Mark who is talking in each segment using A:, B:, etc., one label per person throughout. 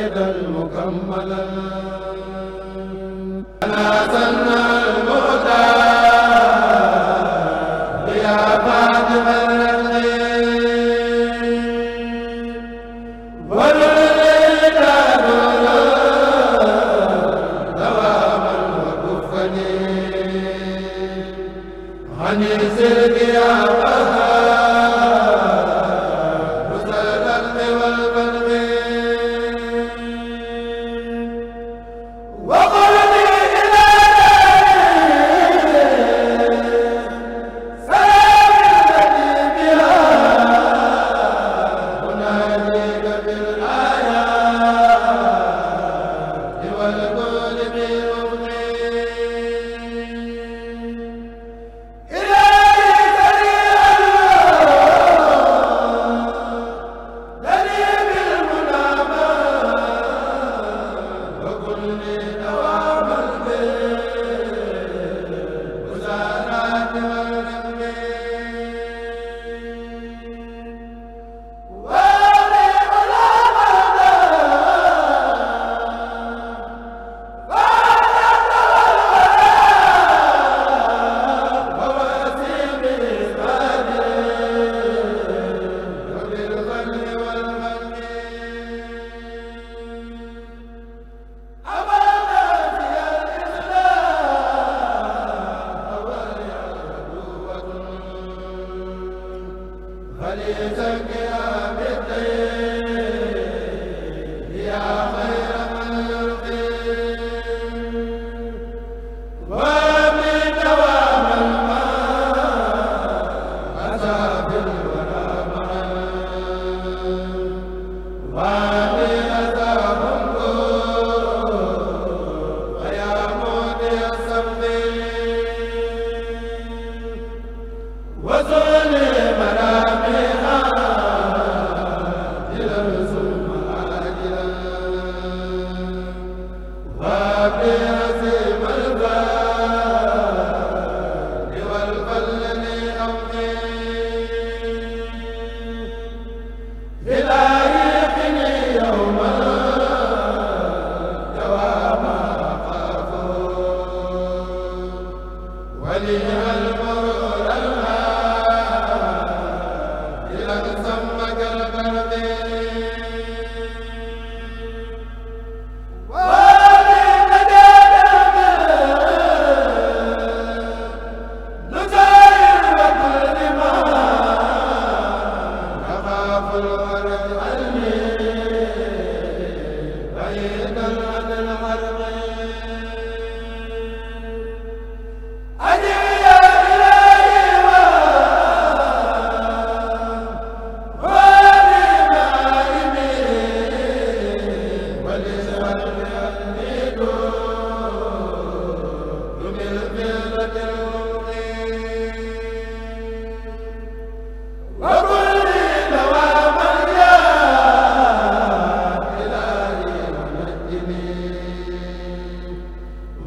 A: أيضا مكملا تنازلنا wa Hallelujah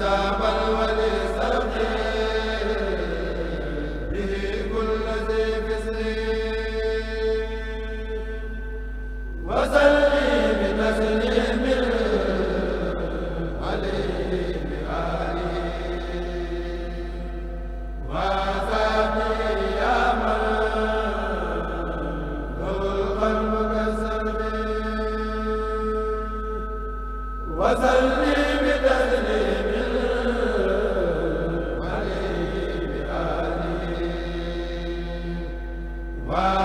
A: sa wa